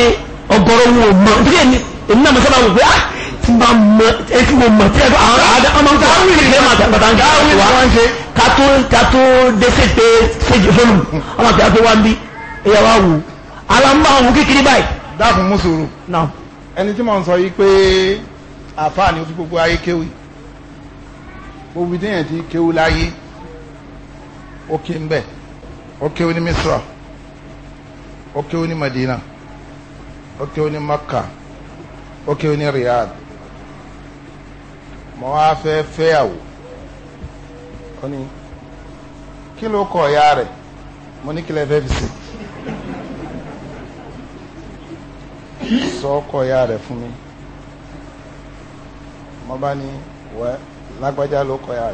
ọgọ́rọ̀ wọn ò mọ nítorí èmi èmi náà mo sábà wò pé ah tí mo mọ ẹ tí mo mọ tí ẹ fọ àwọn ọmọ nǹkan àwọn ìrìn lẹ́mọ̀ àti àgbàtà nǹkan àwọn ìwà wọn ṣe kátó kátó dẹ́sẹ̀ pé ṣèjì fóònù ọmọ àti àgbẹ̀ wa ń bí ẹ̀yà wa wò alámbá àwọn kékeré báyìí. dákun mú sùúrù ẹni tí mo ń sọ yìí pé àfáà ni ó gbogbo ayé kéwì gbogbo ìdíyẹn ti kéwì láyé ó kí ń bẹ̀ ó Misra ó kí ó ní Madina ó kí ó ní Makka ó kí ó Riyadh mo wá fẹ́ fẹ́yàwó ó ní kí ló kọ ọ̀yá rẹ̀ mo ní kí lè fẹ́ fi sí sọ mi mo bá ní wẹ́ lágbájá lo kọ ọ̀yá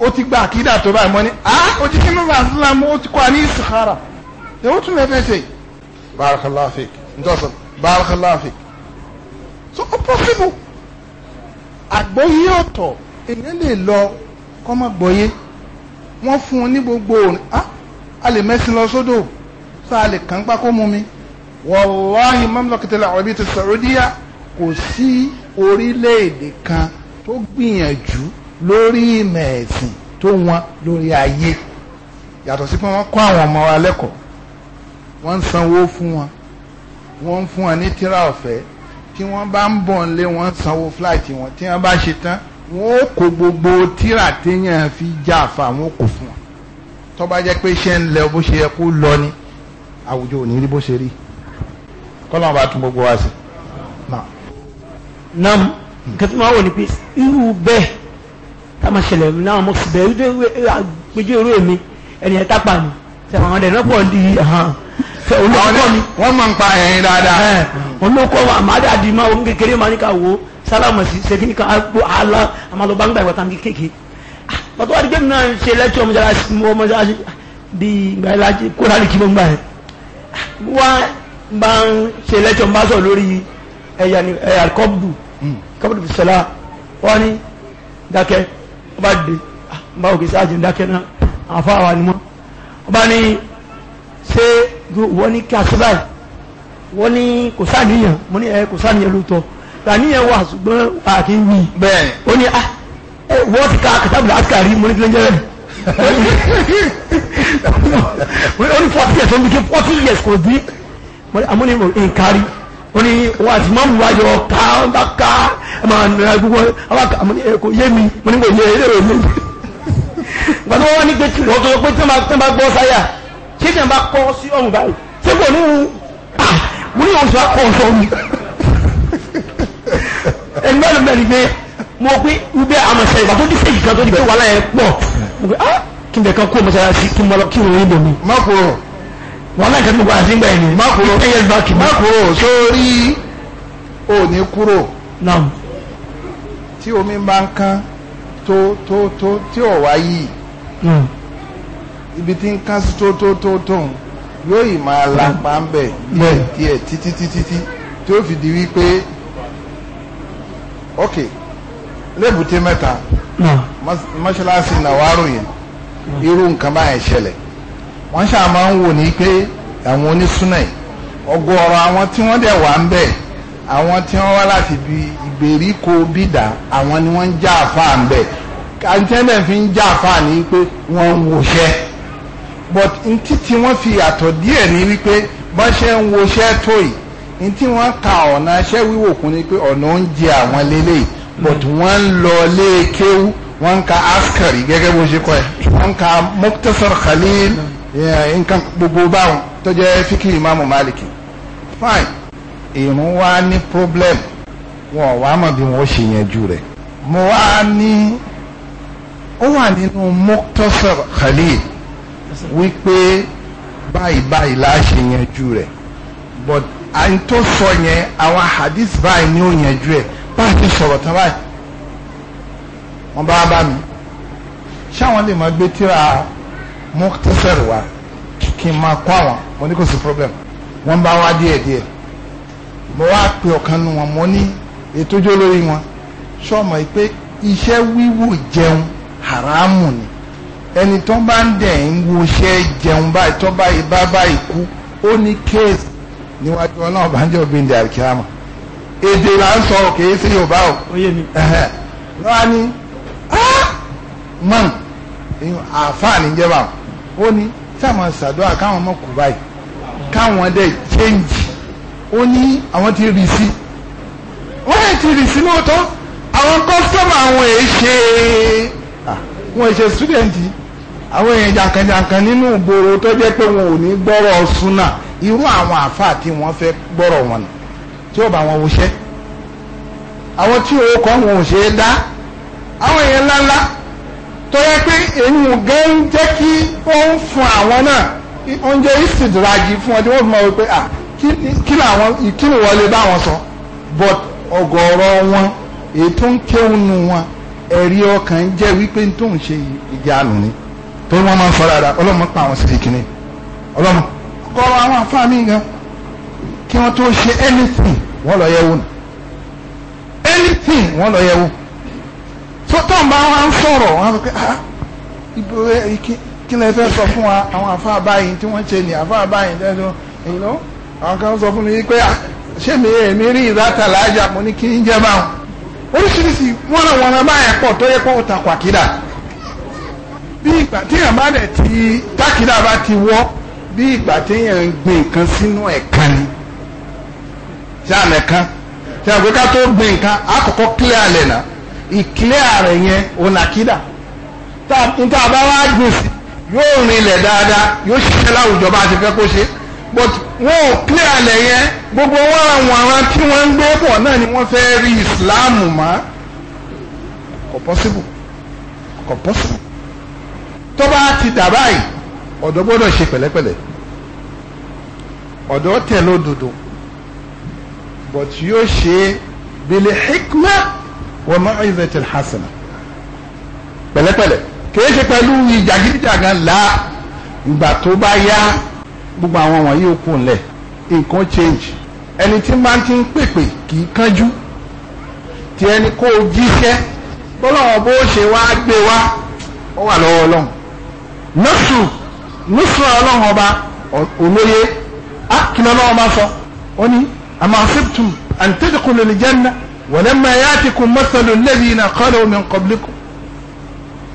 ó ti gba àkídà tó báyìí mọ́ ni ah òjijì nínú àsìlámù ó ti kọ́ àní ìsìkára ẹ̀ ó tún lè fẹ́ ṣe barakallahu ntọ́sán barakallahu so ó possible àgbọ́yé ọ̀tọ̀ èèyàn lè lọ kọ́ má gbọ́yé wọ́n fún un ní gbogbo òní ah a lè mẹ́sìn lọ sódò sá a lè kàn pa kó mú mi wàláhi mamlakatil arabiyyati saudiya kò sí orílẹ̀-èdè kan tó gbìyànjú lórí ìmọ̀ ẹ̀sìn tó wọn lórí ayé yàtọ̀ sí pé wọ́n kọ́ àwọn ọmọ wa lẹ́kọ̀ọ́ wọ́n ń sanwó fún wọn wọ́n ń fún wọn ní tíra ọ̀fẹ́ tí wọ́n bá ń bọ̀ nílé wọ́n ń sanwó fúláìtì wọn tí wọ́n bá ṣe tán wọ́n ó kó gbogbo tíra téèyàn fi já àfa àwọn ó kó fún wọn tó bá jẹ́ pé ṣé ń lẹ bó ṣe yẹ kó lọ ni àwùjọ ò ní rí bó ṣe rí kọ́lọ́n bá tún gbogbo wa sí. nam hmm. nǹkan tí wọ́n wò ní pé irú bẹ́ẹ̀ tá máa ṣẹlẹ̀ láwọn ọmọ sì bẹ̀rù péjú èrò èmi ẹni ẹ̀ tápà ni sẹ̀wọ̀n àwọn ẹ̀rọ pọ̀ di olókọ́ mi. wọ́n máa ń pa ẹ̀yìn dáadáa. olókọ́ wa màá dà di máa ń kékeré máa ní ká wo sálámù sí sẹ́kìnì kan àlọ́ àmàlọ́ba ń gbà ìwọ̀ta ní kéèké. pàtó wà ní gbẹ̀mí náà ṣe lẹ́tọ̀ ọmọdé ah, bí ìgbà ìlà kóra lè kí mo gbà yẹn. Ah, wá bá ń ṣe lẹ́tọ̀ ń bá sọ lórí ẹ̀yà kọ́bùdù hmm. kọ́bùdù sọlá wọ́n ní dákẹ́ ó bá dìde ó bá òkè sáàjì ń dákẹ́ náà àwọn afọ àwa ni mọ́ ó bá ní ṣé wọ́n ní kí a ṣe báyìí wọ́n ní kò sáàníyàn mo ní ẹ kò sáàníyàn ló tọ́ ìgbàníyàn wà ṣùgbọ́n àti ń wí bẹ́ẹ̀ ó ní ah wọ́n ti ka kìtàbùlà àti kàrí mo ní kí ló ń jẹ́ bẹ́ẹ̀ only forty years only forty years kò di amúnimọ̀ nkari ó ní wọ́n àti mọ́mù wájọ ká bá ká máa nira gbogbo abáka kò yé mi mo ní kò yé eré òní. gbàtí wọ́n wá ní pé tí wọ́n tó pé tí wọ́n bá gbọ́ sáyà ṣé tí wọ́n bá kọ́ sí ọ̀run báyìí ṣé kò ní ah! mo ní oṣù akọ mi. ẹni mẹ́rin mẹ́rin gbé mo pé ibẹ̀ àmọ̀ṣẹ́ ìgbà tó dé sèjì kan tó di pé wàhálà yẹn pọ̀ mo pé ah kí n bẹ̀ kan kó mọ́ṣáláṣí kí n mọ́ lọ wọn láǹkà tó gbọ́dọ̀ sí ń gbà yìí má kúrò má kúrò sórí òní kúrò tí omi bá ń kán tó tó tó tí ò wá yìí ibi tí ń kán sí tó tó tó tó ń yóò yìí máa lápá ń bẹ̀ díẹ̀ díẹ̀ títí títí tí tí ó fi di wípé ok lébùté mẹ́ta mọ́ṣáláṣí nàwárò yẹn irú nǹkan báyẹn ṣẹlẹ̀ wọ́n ṣáà máa ń wò ní pé àwọn onísúnà ọ̀gọ̀ọ̀rọ̀ àwọn tí wọ́n dẹ̀ wà ń bẹ àwọn tí wọ́n wá láti ibi ìgbèríko bídà àwọn ni wọ́n ń já àfáà ń bẹ àǹtẹ́lẹ̀ fi ń já àfáà ní pé wọ́n ń wòṣẹ́ but ntí tí wọ́n fi yàtọ̀ díẹ̀ ní wípé bá ṣe ń wòṣẹ́ tó yìí ntí wọ́n ka ọ̀nà aṣẹ́ wíwò kún ni pé ọ̀nà oúnjẹ àwọn lélẹ́yìí but wọ́n ń lọ lé kéwú wọ́n ń ka askari gẹ́gẹ́ bó ṣe kọ́ ẹ̀ wọ́n ń ka muktasar khalil nǹkan gbogbo báwọn tó jẹ́ fíkì ìmáàmù Málìkì fine ìrún wa ní problem wọn ò wá mọ̀ bí wọ́n ṣe yanjú rẹ̀ mo wá ní ó wà nínú Mukhtasar Khalil wípé báyìí báyìí la ṣe yanjú rẹ̀ but àyìn tó sọ yẹn àwọn hadith báyìí ni ó yanjú ẹ̀ bá a ti sọ̀rọ̀ tán báyìí wọ́n bá bá mi ṣáwọn lè máa gbé tíra mọ́tẹ́sẹ̀rì wa kí n máa kọ́ àwọn mo ní kò sí problem wọ́n bá wá díẹ̀ díẹ̀ mo wá pe ọ̀kan nu wọn mo ní ètò ìjọ lórí wọn sọ́ọ̀mọ̀ pé iṣẹ́ wíwò jẹun haramu ni ẹni tó bá ń dẹ̀ ń wo iṣẹ́ jẹun báyìí tó báyìí bá báyìí kú ó ní kéèsì níwájú ọlọ́run bá ń jẹ́ èdè là ń sọ òkè sí yorùbá o lọ́wọ́ ni mọ̀ àfáà ní jẹ́ báwọn ó ní sáwọn ṣàdúrà káwọn ọmọ kù báyìí káwọn dẹ̀ change ó ní àwọn ti rì sí wọ́n yẹ ti rì sí lóòótọ́ àwọn kọ́sítọ́mù àwọn èè ṣe wọn ṣe ṣúdẹ̀ǹtì àwọn èèyàn jàǹkànjàǹkàn nínú ìgboro tó jẹ́ pé wọn ò ní gbọ́rọ̀ súnà irú àwọn àáfàá tí wọ́n fẹ́ gbọ́rọ̀ wọn nù tí ó bá wọn wọṣẹ́ àwọn tí owó kan wọn ò ṣe é dá àwọn èèyàn ńláńlá tó yẹ pé èyí gan ń jẹ́ kí ó ń fún àwọn náà oúnjẹ ìsìndìrajì fún ọdún wọ́n fi máa wọ pé à kí làwọn ìkíni wọlé bá wọn sọ but ọ̀gọ̀ọ̀rọ̀ wọn èyí tó ń kéwòn nu wọn ẹ̀rí ọkàn jẹ́ wípé tó ń ṣe ìjánu ni tó wọ́n máa ń sọ dáadáa ọlọ́mọ pa àwọn sí ìkíni ọlọ́mọ ọ̀gọ̀ọ̀rọ̀ àwọn àfáàmì gan kí wọ́n tó ṣe anything wọ́n lọ yẹ̀ wò anything wọ́n lọ yẹ̀ wò tó ń bá wa ń sọ̀rọ̀ wọn sọ pé ah kí lè fẹ́ sọ fún wa àwọn àfa báyìí tí wọ́n ṣe ní àfa báyìí tẹ́lẹ̀ you know àwọn kan sọ fún mi pé ah, ṣé mi èmi rí ìdáta làájà mo ní kí n jẹ́ báwọn oríṣiríṣi wọ́n náà wọ́n náà báyà pọ̀ tó yẹ kó o takò àkídà bí ìgbà téèyàn bá dẹ̀ ti tákìdá bá ti wọ́ bí ìgbà téèyàn ń gbin nǹkan sínú ẹ̀ka ni ṣáà lẹ̀ka ṣáà pé ká tó gbin nǹkan àkọ́kọ́ kílẹ̀ àlẹ̀ náà ìkílẹ̀ ààrẹ yẹn onakida níta bá wá gbìn sí yóò rinlẹ̀ dáadáa yóò ṣiṣẹ́ láwùjọ bá a ti fẹ́ kó ṣe but wọn ò kílẹ̀ ààrẹ yẹn gbogbo wọn àwọn àwọn tí wọ́n ń gbé pọ̀ náà ni wọ́n fẹ́ rí ìsìláàmù mọ́ kò possible kò possible tó bá ti dà báyìí ọ̀dọ́ gbọ́dọ̀ ṣe pẹ̀lẹ́pẹ̀lẹ́ ọ̀dọ́ tẹ̀ lódodo but yóò ṣe bìlẹ̀ hikmah. wọ́n mọ ìzẹ̀tì hasana pẹ̀lẹ́pẹ̀lẹ́ kìí ṣe pẹ̀lú ìjàgídíjàgan la ìgbà tó bá yá gbogbo àwọn wọ̀nyí ó kù ńlẹ̀ nǹkan change ẹni tí máa ti ń pèpè kì í ẹni o jíṣẹ́ bọ́lọ́wọ́ bó ṣe wá gbé wá ó ولما ياتكم مثل الذين خلوا من قبلكم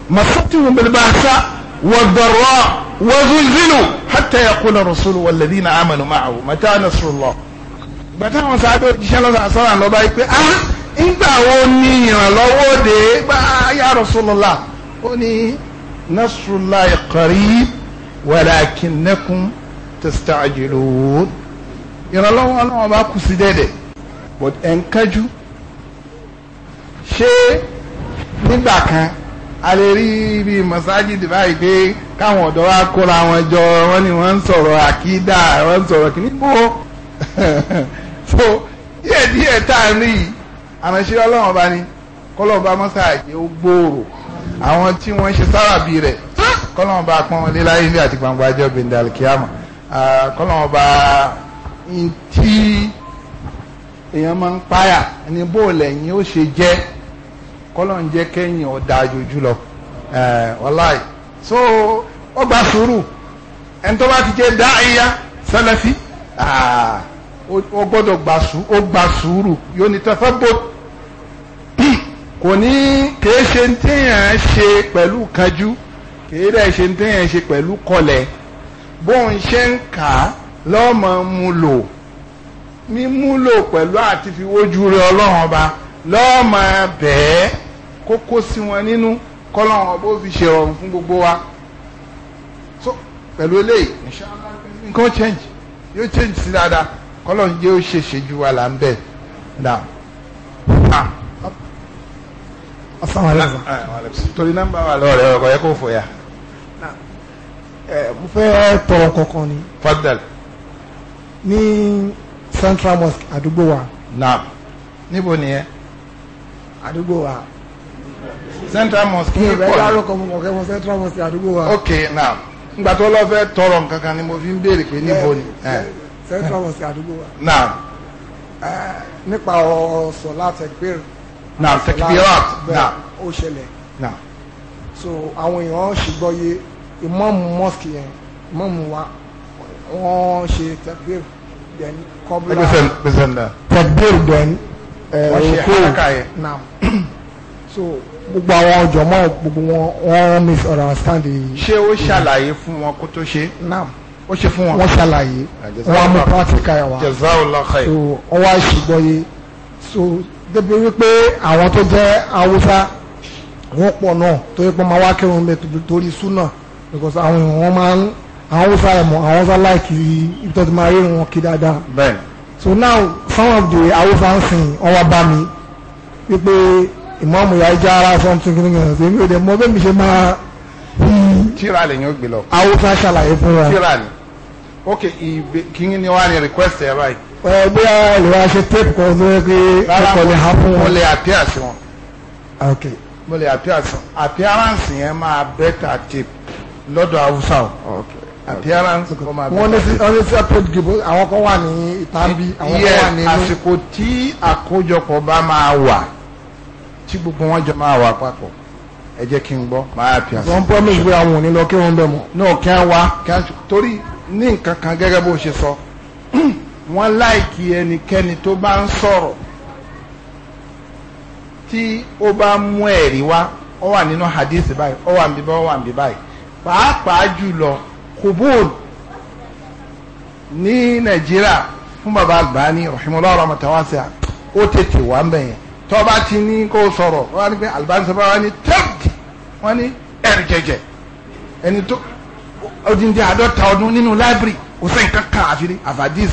مستهم بالبأساء والضراء وزلزلوا حتى يقول الرسول والذين آمنوا معه متى نصر الله bàtà àwọn sáábẹ òjíṣẹ́ lọsàn àṣọra lọba yìí pé ah ńgbà wo ni ìrànlọ́wọ́ de bá yà rọsùlọlá ó ní nasrùlá ìkọrí wàlàkìnnẹkùn tẹsítà àjèlò ìrànlọ́wọ́ Ọlọ́run bá kù sí dẹdẹ but ẹnkájú ṣé nígbà kan a lè rí ibi mọ̀sájìdì báyìí pé káwọn ọ̀dọ́ wa kóra wọn jọ wọ́n ní wọ́n ń sọ̀rọ̀ àkídà wọ́n ń sọ̀rọ̀ kìíní bó (laughs) so díẹ̀ díẹ̀ tá a rí yìí àmọ́ṣe ọlọ́run ọba ni kọ́lọ́ọ̀bá mọ́sáàjì ó gbòòrò àwọn tí wọ́n ṣe sárábì rẹ̀ kọ́lọ́wọ́n bá pọ́n lé láyé ní àti gbangba ẹjọ́ bíndàlì kíámà kọ́lọ́wọ́n bá tí èèyàn máa ń páyà ní bóòlù ẹ̀yìn ó ṣe jẹ́ kọ́lọ̀ ń jẹ́ kẹ́yìn ọ̀dà àjòjú lọ wàláì so ó gba sùúrù ẹni tó bá ti jẹ́ dá ìyá sẹ́lẹ̀fì ó gbọ́dọ̀ gba sùúrù yóò ní tẹ́fẹ́ bó kò ní kèé ṣe ń téèyàn ṣe pẹ̀lú kanjú kèé dẹ̀ ṣe ń téèyàn ṣe pẹ̀lú kọlẹ̀ bóun ṣe ń kà á lọ́mọ mu lò mímúlò pẹ̀lú àti fi wójú rẹ ọlọ́run ọba lọ́ọ́ máa bẹ̀ẹ́ kókó sí wọn nínú kọ́lọ́run ọba ó fi ṣe ọ̀run fún gbogbo wa so pẹ̀lú eléyìí nǹkan change yóò change sí dáadáa kọ́lọ́run yóò ṣe ṣèjú wa là ń bẹ̀ náà. asalaamualeykum. Ah, ah, ah, torí nọ́mbà wa lọ́ọ̀rẹ́ ọkọ̀ yẹ kó fò ya eh, mo fẹ́ tọrọ kankan ni. fadal. ni central mosque àdúgbò wa. níbo central mosque ní pọ̀ ìbẹ̀rẹ̀ central mosque àdúgbò wa. ok tọrọ ni fi ń béèrè pé eh, eh. central mosque àdúgbò wa. Eh, nípa ọ̀rọ̀ sọ̀lá ó ṣẹlẹ̀. Na. so àwọn èèyàn ṣùgbọ́n yé imọ́ọ̀mù mosque yẹn imọ́ọ̀mù wa wọ́n then kọ́bùlà tẹ̀gbẹ́rù then ẹ̀ẹ́dẹ́kọ́ uh, nam so gbogbo àwọn ọ̀jọ̀mọ́ gbogbo wọn wọ́n misunderstand the. ṣé ó ṣàlàyé fún wọn kó tó ṣe. nam ó ṣe fún wọn. wọ́n ṣàlàyé wọ́n á mú practical yà so wọ́n wá ṣùgbọ́yé so débi wípé àwọn tó jẹ́ haúsá wọ́n pọ̀ náà torí pé wọ́n máa wá kírun bẹ́ẹ̀ torí súnà because àwọn èèyàn wọn máa ń àwọn Hausa ẹ̀mọ́ àwọn Hausa láìkì ibi tó ti máa ríran wọn kí dáadáa. bẹ́ẹ̀. so now some of the Hausa ń sìn ọwọ́ bá mi wípé ìmọ̀ọ́mù yà á já ara something kìnnìkan kìnnìkan sí mi ò dé mọ bẹ́ẹ̀ mi ṣe máa. tíra lè yín ó gbé lọ. Hausa ṣàlàyé fún wa. tíra ni ok ìbè kí ni wàá ní request ẹ báyìí. ẹ bí a lè wá ṣe tape kan tó pé ẹkọ lè ha fún wọn. mo lè appear sí wọn. Ah, ok mo lè appear sí wọn appearance yẹn máa better tape lọ́dọ̀ haúsá o. ok appearance kọ́ máa bẹ̀rẹ̀. wọ́n ní sí wọ́n ní sí separate group àwọn kan wà ní ìtàbí àwọn kan wà nínú. àsìkò tí àkójọpọ̀ bá máa wà tí gbogbo wọn jọ máa wà papọ̀ ẹ jẹ́ kí n gbọ́ máa pè àṣẹ. wọ́n promise pé àwọn ò ní lọ kí wọ́n bẹ̀ mọ́. náà kí wọ́n wá kí wọ́n torí ní nǹkan kan gẹ́gẹ́ bó ṣe sọ (clears throat) wọ́n láìkí ẹnikẹ́ni tó bá ń sọ̀rọ̀ tí ó bá mú ẹ̀rí wá ó wà nínú hadith báyìí ó wà níbí báyìí ó wà níbí báyìí pàápàá jùlọ kubul ní nàìjíríà fún baba Albani rahimahullah rahmatan wasi'a ó tètè wà ń bẹ̀yẹn tọ́ba ti ní kó sọ̀rọ̀ wọ́n á ní pé Albani sọ́ba wọ́n á ní tẹ́ẹ̀tì wọ́n á ní ẹ̀rì jẹjẹ ẹni tó odindi àádọ́ta ọdún nínú láìbírì kò sẹ́yìn kankan àfiri àfàdís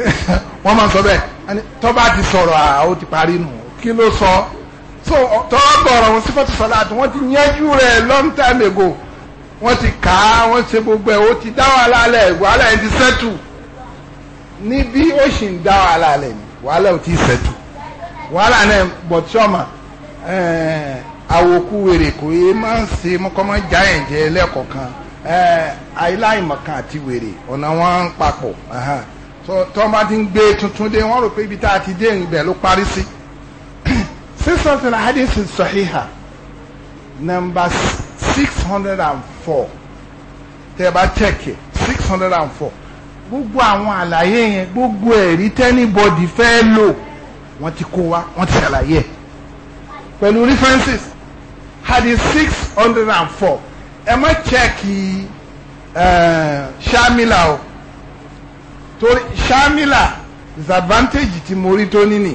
(laughs) wọ́n máa sọ bẹ́ẹ̀ tọ́ba ti sọ̀rọ̀ àwọn ti parí nù kí ló sọ so tọ́wọ́ wọn sífọ́tù sọ́lá wọ́n ti kà á wọ́n ṣe gbogbo ẹ̀ ó ti dá wàhálà lẹ̀ wàhálà yẹn ti sẹ́tù níbí ó sì ń dá wàhálà lẹ̀ ni wàhálà ò ti sẹ́tù wàhálà náà bọ̀tíọ́mà eh, àwòkú wèrè kò yé máa ń ṣe mọ́kànmọ́ já ẹ̀jẹ̀ lẹ́kọ̀ọ̀kan eh, aláìmọ̀kan àti wèrè ọ̀nà wọn ń papọ̀ tó bá ti ń gbé tuntun dé wọ́n rò pé ibi tá a ti dé ibẹ̀ ló parí sí sísọ sílẹ̀ hadith sahiha number six six hundred and four tẹ́ ẹ bá chẹ́kì six hundred and four gbogbo àwọn àlàyé yẹn gbogbo ẹ̀rí tẹ́nibọ́dì fẹ́ lò wọ́n ti kó wa wọ́n ti ṣàlàyé ẹ̀ pẹ̀lú references hadith six hundred and four ẹ má chẹ́kì ṣámílà o torí ṣámílà disadvantage tí mo rí tó níní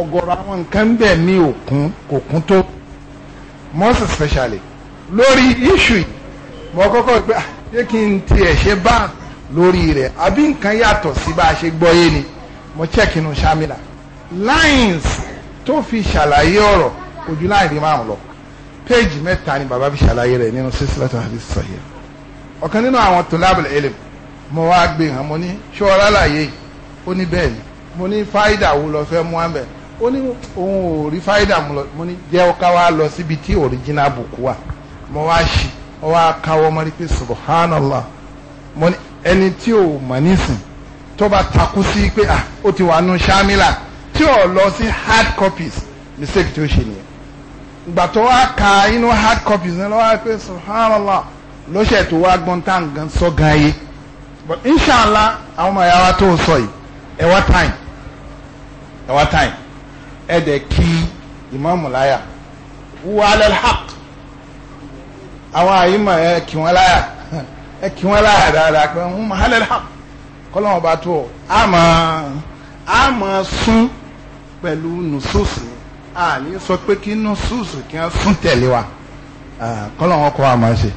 ọ̀gọ̀rọ̀ àwọn nǹkan bẹ́ẹ̀ mi ò kún kò kún tó most especially lórí iṣu yìí mo kọ́kọ́ gbé ah, ṣé kí n tiẹ̀ ṣe bá lórí rẹ̀ àbí nǹkan yàtọ̀ sí bá a ṣe gbọ́ ni mo check inú ṣámìlà lines tó fi ṣàlàyé ọ̀rọ̀ ojú láìrí márùn lọ péèjì mẹ́ta ni bàbá fi ṣàlàyé rẹ̀ nínú sísílẹ̀tọ̀ àti sọ̀yẹ̀ ọ̀kan nínú àwọn tòlábìlì elim mo wá gbé hàn mo ní ṣọ́ra láàyè ó ní bẹ́ẹ̀ ni mo ní fáìdà wo lọ fẹ́ mú àmẹ́ ó ní òun ò rí fáìdà mu lọ mo ní jẹ́ ká wá lọ síbi tí original book wà mo wá ṣe ọ wá káwọ́ mọ́ rí pé subhanallah mo ní ẹni tí ò mọ̀ nísìn tó bá takú sí pé ah ó ti wà nù shamila tí ò lọ sí hard copies mistake tí ó ṣe nìyẹn ìgbà tó wá ka inú hard copies ní lọ́wọ́ pé subhanallah lọ́sẹ̀ tó wá gbọ́n tá nǹkan sọ gan ayé but inshallah àwọn ọmọ ìyá wa tó ń sọ yìí ẹ wá time ẹ wá time ẹ dẹ̀ kí ìmáàmù láyà wà á lẹ́lẹ́ àwọn àyímọ̀ ẹ kì wọ́n láyà ẹ kì wọ́n láyà dáadáa pé wọ́n máa hálẹ̀ láàmú kọ́lọ́wọ́n bá tó ọ àmọ́ àmọ́ sún pẹ̀lú nùsùsù àní sọ pé kí nùsùsù kí wọ́n sún tẹ̀lé wa kọ́lọ́wọ́n kọ́ àmọ́ ṣe.